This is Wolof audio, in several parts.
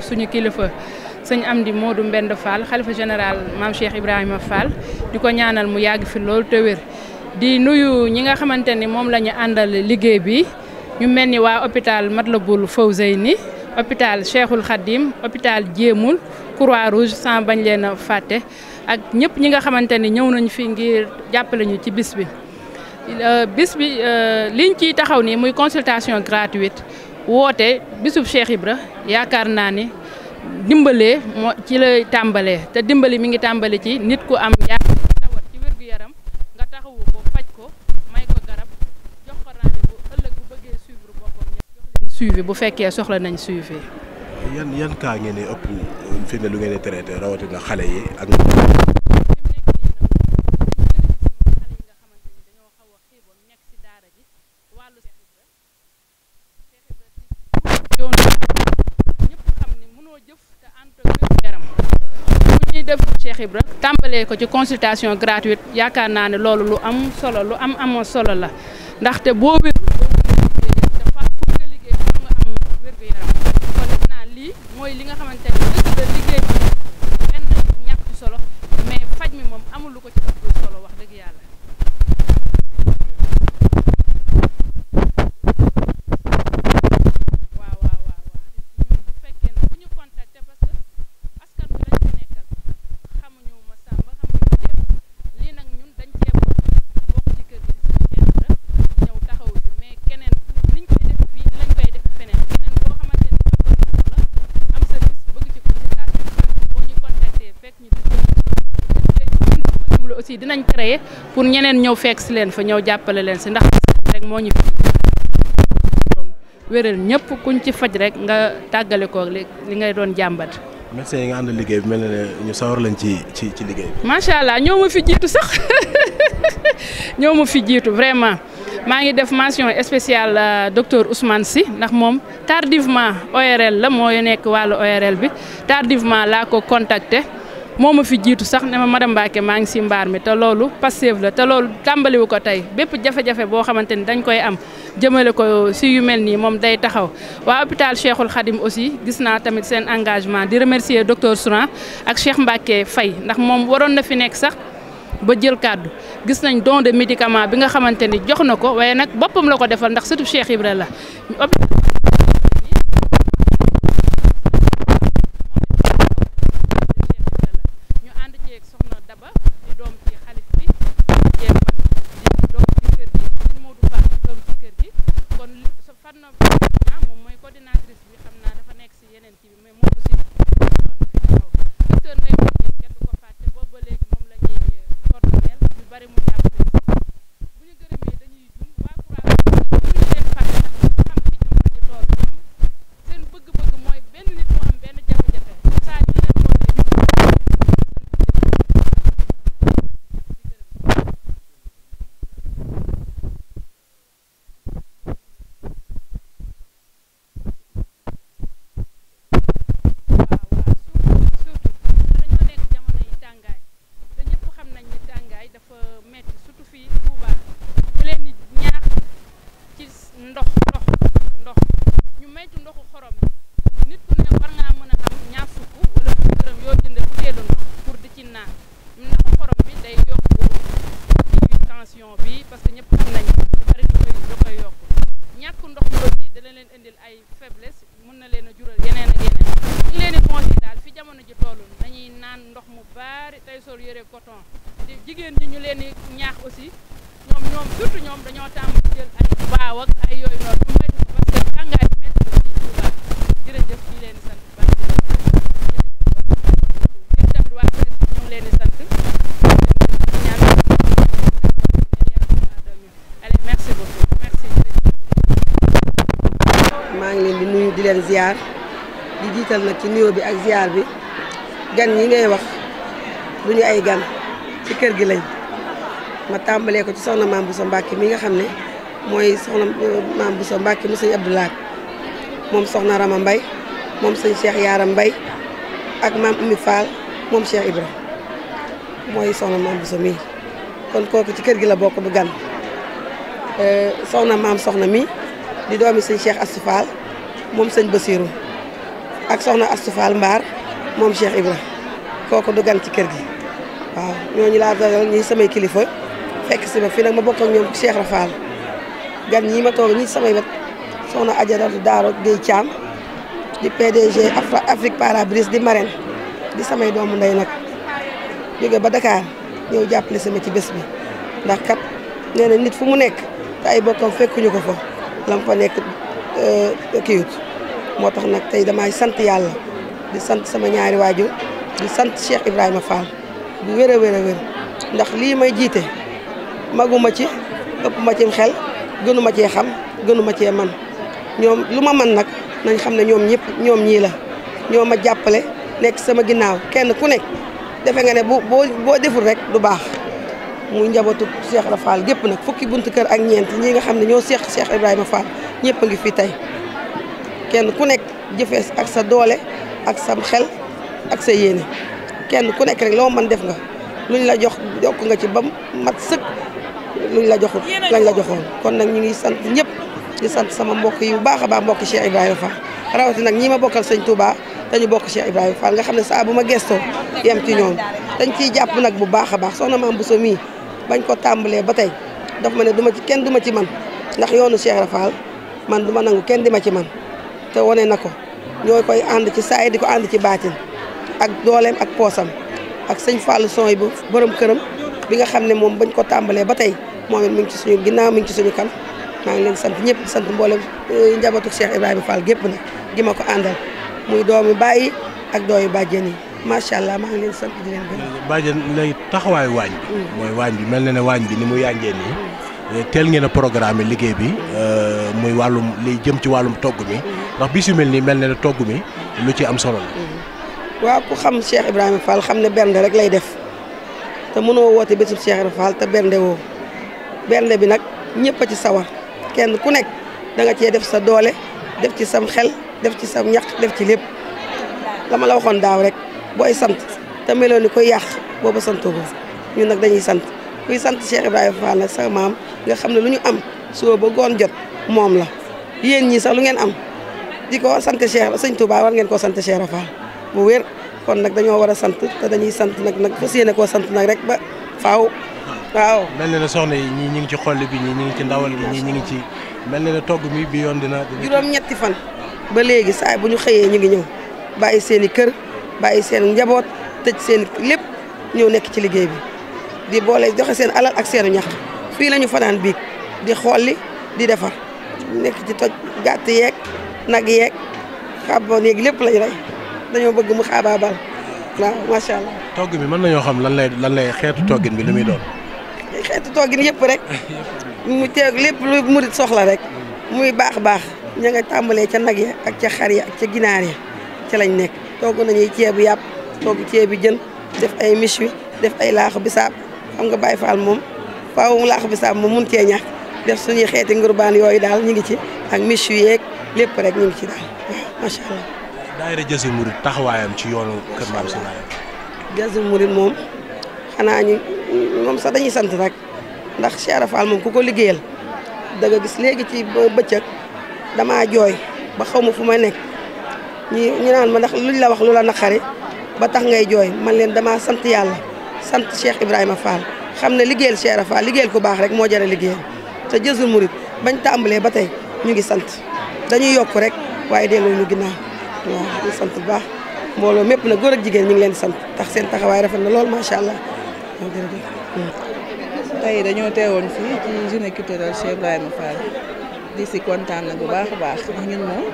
suñu kilifa sëñ Amdi Modou Mbend Fall xalifa général maam Cheikh Ibrahima Fall di ko ñaanal mu yàgg fi loolu te wér di nuyu ñi nga xamante ni moom lañu ñu àndal liggéey bi ñu mel ni waa hôpital Matlaboul Fawzeyni hôpital Cheikhul Khadim hôpital Jéemul Croix Rouge sans bañ leen a fàtte ak ñëpp ñi nga xamante ni ñëw nañ fi ngir jàppale ñu ci bis bi euh, bis bi euh, liñ ciy taxaw nii muy consultation gratuite woote bisub Cheikh Ibra yaakaar naa ni dimbalee moo ci lay tàmbalee te dimbali mi ngi tàmbali ci nit ku am yaa ci wérgu yaram nga taxawu ko faj ko may ko garab jox ko rendez bu ëllëg bu bëggee suivi bu fekkee soxla nañ suivi yan yan kaa ngeen ëpp fi lu ngeen di traité rawatina xale yi ak Cheikh Ibra tàmbalee ko ci consultation gratuite yaakaar naa ne loolu lu am solo lu am amoon solo la ndaxte boo wér dafa pour nga liggéey nga am wér gu yaram naa lii mooy li nga xamante ne dëgg la liggéey dinañ créer pour ñeneen ñëw fekk si leen fa ñëw jàppale leen si ndax moo ñu wéral ñëpp kuñ ci faj rek nga tàggale ko li ngay doon jàmbat. médecin yi nga liggéey mel na ne ñu lañ ci ci ci liggéey macha allah ñoo ma fi jiitu sax ñoo ma fi jiitu vraiment maa ngi def mention spéciale euh, docteur Ousmane Sy ndax moom tardivement ORL la mooy nekk wàllu ORL bi tardivement laa ko contacter. moo ma fi jiitu sax ne ma madame Mbacke maa ngi si mbaar mi te loolu Pastef la te loolu tàmbaliwu ko tey bépp jafe-jafe boo xamante ni dañ koy am jëmale ko si yu mel nii moom day taxaw waa hôpital Cheikhul Khadim aussi gis naa tamit seen engagement di remercier docteur Souran ak Cheikh Mbacke Faye ndax moom waroon na fi nekk sax ba jël kàddu gis nañ don de médicament bi nga xamante ni jox na ko waaye nag boppam la ko defal ndax surtout Cheikh Ibra la ndax aussi ñoom ñoom bi maa ngi leen di nuyu di leen ziar di jiital na ci nuyoo bi ak ziar bi gan yi ngay wax duñu ay gan ci kër gi lañ ma tàmbalee ko ci soxna maam Bousso Mbacke mi nga xam ne mooy soxna euh, maam Bousso Mbacke mu sëñ Abdou moom soxna Rama Mbay moom sëñ Cheikh Yaara Mbay ak maam Oumy Fall moom Cheikh Ibra mooy soxna maam Bousso mii kon kooku ci kër gi la bokk du gan euh, soxna maam soxna mi di doomi sëñ Cheikh Astou Fall moom sëñ Basirou ak soxna Astou Fall Mbaar moom Cheikh Ibra kooku du gan ci kër gi waaw ñooñu laa dalal ñi samay kilifa fekk si ma fii nag ma bokk ak ñoom Cheikh Rafal gan ñi ma toog ñi samay wet soxna Ajaratu Daaro Guèye Thiam di PDG Afra Afrique Parabrise di marraine di samay doom ndey nag jóge ba Dakar ñëw jàppale sama ci bés bi ndax kat nee na nit fu mu nekk te ay bokkam fekkuñu ko fa lam fa nekk euh, kiiwut moo tax nag tey damay sant yàlla di sant sama ñaari waajur di sant Cheikh Ibrahima Fall bu wér a wér ndax lii may jiite maguma ci ëpp ma ci xel gënu ma cee xam gënu ma cee man ñoom lu ma man nag nañ xam ne ñoom ñëpp ñoom ñii la ñoo ma jàppale nekk sama ginnaaw kenn ku nekk defe nga ne boo boo deful rek du baax muy njabootu Cheikh Ibra gépp nag fukki buntu kër ak ñeent ñi nga xam ne ñoo seex Cheikh Ibrahima Fall ñëpp a ngi fi tey kenn ku nekk jëfees ak sa doole ak sa xel ak sa yéene kenn ku nekk rek loo man def nga ñu la jox jokk nga ci ba mat sëkk luñ la joxul lañ la joxoon kon nag ñu ngi sant ñëpp di sant sama mbokk yi bu baax a baax mbokk Cheikh Ibrahima fa rawati nag ñii ma bokkal sañ Touba te ñu bokk Cheikh Ibrahima Fall nga xam ne saa bu ma gestoo yem ci ñoom dañ ciy jàpp nag bu baax a baax na maam bu mii bañ ko tàmbalee ba tey daf ma ne duma ci kenn duma ci man ndax yoonu Cheikh Ibrahima Fall man duma nangu kenn di ma ci man te wane na ko ñoo koy ànd ci saa yi di ko ànd ci baatin ak dooleem ak poosam ak sëñ Fallou son bu borom këram bi nga xam ne moom bañ ko tàmbalee ba tey moom it mu ngi ci suñu ginnaaw mu ngi ci suñu kan maa ngi leen sant ñëpp sant mboolem eh, njabootu Cheikh Ibrahima Fall gépp na gi ma ko àndal muy doomi bàyyi ak doomi bàjjen yi macha allah maa ngi leen sant di leen gërëm. bàjjen léegi taxawaayu waañ bi. Hmm. mooy waañ bi mel na ne waañ bi ni mu yànjee nii. Hmm. Eh, teel ngeen a programme liggéey bi eh, muy wàllum liy jëm ci wàllum togg mi hmm. ndax bisi mel nii mel na ne togg mi lu ci am solo la. xam Cheikh Ibrahima Fall xam ne benn rek lay def te mënoo woote bésub Cheikh Ibra Fall te bernde woo bernde bi nag ñëpp a ci sawar kenn ku nekk da cee def sa doole def ci sam xel def ci sam ñax def ci lépp la ma la waxoon daaw rek booy sant te meloo ni ko yàq boobu santoo ko ñun nag dañuy sant kuy sant Cheikh Ibrahima Fall nag sa maam nga xam ne lu ñu am soo ba goon jot moom la yéen ñii sax lu ngeen am di ko sant Cheikh Sëñ Touba war ngeen koo sant Cheikh Ibra bu wér kon nag dañoo war a sant te dañuy sant nag nag fas yéene sant nag rek ba faaw waaw. mel na ne soxna yi ñii ñu ngi ci xolli bi ñii ñu ngi ci ndawal bi ñii ñu ngi ci mel na ne togg mi bi yoon dina. juróom-ñetti fan ba léegi saa bu ñu xëyee ñu ngi ñëw bàyyi seen i kër bàyyi seen njaboot tëj seen lépp ñëw nekk ci liggéey bi di boole joxe seen alal ak seenu ñax fii lañu ñu fanaan biig di xolli di defar nekk ci toj gàtt yeeg nag yeeg boo néeg lépp lañ rey. dañoo bëgg mu xaabaabal waaw macha allah. togg bi mën nañoo xam lan lay lan lay xeetu toggin bi li muy doon. xeetu toggin yëpp rek mu teeg lépp lu murit soxla rek muy baax baax ña nga tàmbalee ca nag ya ak ca xar ya ak ca ginaar ya ca lañ nekk togg nañuy ceebu yàpp togg ceebu jën def ay miche wi def ay laaxu bisaab xam nga Baye Fall moom faaw laaxu bisaab moom mun cee ñàkk def suñuy xeeti ngurbaan yooyu daal ñu ngi ci ak miche wi yeeg lépp rek ñu ngi ci daayira Jazboul Mouride taxawaayam ci yoonu Kër Maam Sibra Jazboul Mouride moom xanaa ñu moom sax dañuy sant rek ndax Cheikh Rafal moom ku ko liggéeyal da nga gis léegi ci bëccëg dama jooy ba xaw ma fu ma nekk ñi ñu naan ma ndax luñ la wax lu la naqari ba tax ngay jooy man leen damaa sant yàlla sant Cheikh Ibrahima Fall xam ne liggéeyal Cheikh Rafal liggéeyal ku baax rek moo jëre liggéeyal te Jazboul Mouride bañ tàmbalee ba tey ñu ngi sant dañu yokk rek waaye delloo ñu ginnaaw waaw ñu sant bu baax mbooloo mépp na góor ak jigéen ñu ngi leen di sant tax seen taxawaay rafet na lool macha allah waaw jërëjëf. tey dañoo teewoon fii ci journée culturelle Cheikh Ibrahima Fall di si kontaan nag bu baax a baax ndax ñun moom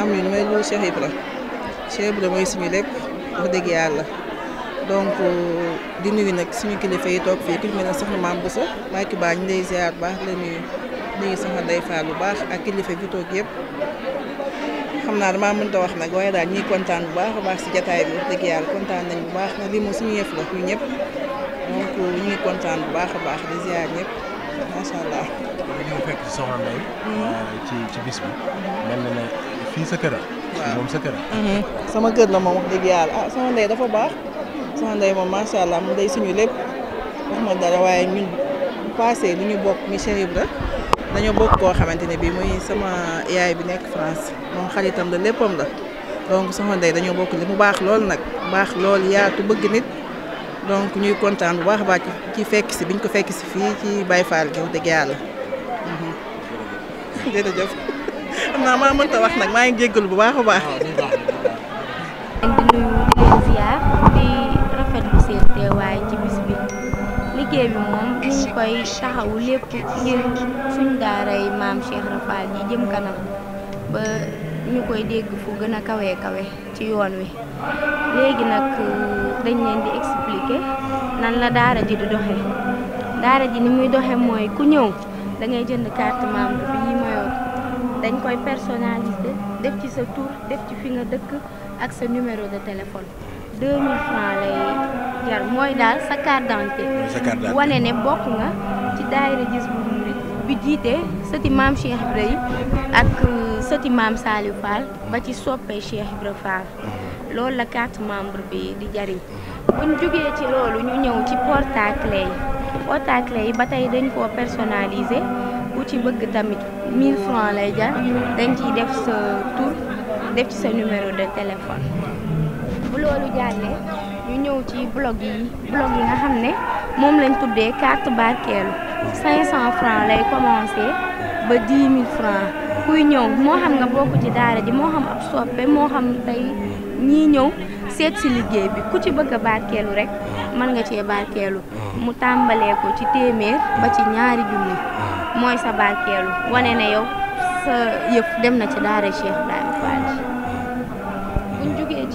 am ñun mooy lu Cheikh Ibra Cheikh Ibra mooy suñu lépp wax dëgg yàlla. donc di nuyu nag suñu kilifa yi toog fii ku ñu mel ne soxna Maam Boussa Mbacke Ba ñu lay ziar bu baax la nuyu nuyu soxna Ndeye Fall bu baax ak kilifa bi toog yëpp xam naa damaa mënta wax nag waaye daal ñuy kontaan bu baax a baax si jataay bi wax dëgg yàlla kontaan nañ bu baax ndax lii moom suñu yëf la ñu ñëpp donc ñu ngi kontaan bu baax a baax di ziar ñëpp macha allah. ñu fekk ci soxna Ndeye. ci ci bis bi. mel na ne fii sa kër a. waaw moom sa kër a. sama kër la moom wax dëgg yàlla ah soxna Ndeye dafa baax soxna Ndeye moom macha allah mu day suñu lépp wax ma dara waaye ñun bu paasee lu ñu bokk mi Cheikh Ibra dañoo bokk koo xamante ne bii muy sama yaay bi nekk France moom xaritam la léppam la donc soxna Ndeye dañoo bokk li mu baax lool nag baax lool yaatu bëgg nit donc ñuy kontaan bu baax a ci fekk si biñ ko fekk si fii ci baay Fall gi wax dëgg yàlla. jërëjëf xam naa maa mënta wax nag maa ngi jéggalu bu baax a baax. Ah, koy taxaw lépp ngir suñ daaray maam Cheikh Rafal ji jëm kanam ba ñu koy dégg fu gën a kawe kawe ci yoon wi léegi nag euh, dañ leen di expliquer nan la daara ji di doxe daara ji ni muy doxe mooy ku ñëw da ngay jënd carte membre bi yi mayoon dañ koy personnaliser def ci sa tur def ci fi nga dëkk ak sa numéro de téléphone 2000 francs lay jar moy dal sa carte d'identité cest ne nga ci bi Cheikh ibrahim ak euh, Saliou Fall ba ci Cheikh Fall mm-hmm. la carte membre bi di jariñ buñ ci loolu ñu ñëw ci porte-clé ba dañ personnalisé ku ci bëgg tamit 1000 francs lay jar dañ ciy def sa tour def numéro de téléphone bu loolu ñëw ci blog yi blog yi nga xam ne moom lañ tuddee carte barkeelu 500 francs lay commencé ba 10 000 francs kuy ñëw moo xam nga bokk ci daara ji moo xam ab soppe moo xam tey ñii ñëw seet si liggéey bi ku ci bëgg a barkeelu rek mën nga cee barkeelu mu tàmbalee ko ci téeméer ba ci ñaari junni mooy sa barkeelu wane na yow sa yëf dem na ci daara Cheikh Ibrahima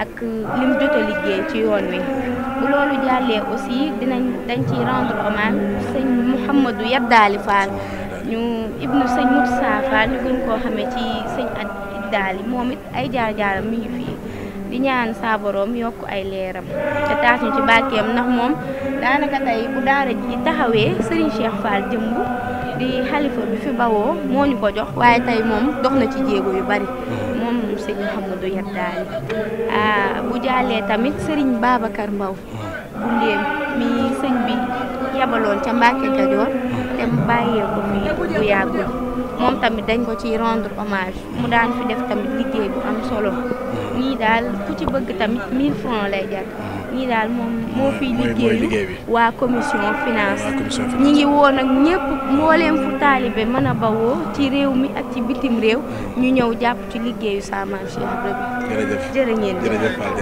ak lim jot liggéey ci yoon wi bu loolu jàllee aussi dinañ dañ ciy rendre hommage sëñ Mouhamadou Yaddaali Fall ñu ibnu sëñ Moussa Fall ñu gën koo xamee ci sëñ Addaali moom it ay jaar-jaaram mi ngi fii di ñaan saa yokk ay leeram te ñu ci barkeem ndax moom daanaka tey bu ji taxawee Serigne Cheikh Fall jëmb di xalifa bi fi bawoo moo ñu ko jox waaye tey moom dox na ci jéego yu bari moom sëñ Mouhamadou Yaddaali ah, bu jàllee tamit sëriñ Babacar Mbaw hmm. bu ndéem mi sëñ bi yabaloon ca Mbàkke Kajoor te hmm. mu bàyyee ko fi yàggul moom tamit dañ ko ci rendre hommage mu daan fi def tamit liggéey bu am solo hmm. nii daal ku ci bëgg tamit 1000 francs lay jar ñii daal moom moo fiy liggéeyu waa commission finance ñi ngi woon ak ñëpp mbooleem fu taalibe mën a bawoo ci réew mi ak ci bitim réew ñu ñëw jàpp ci liggéeyu Saman Cheikh Ibra bi jërë ngeen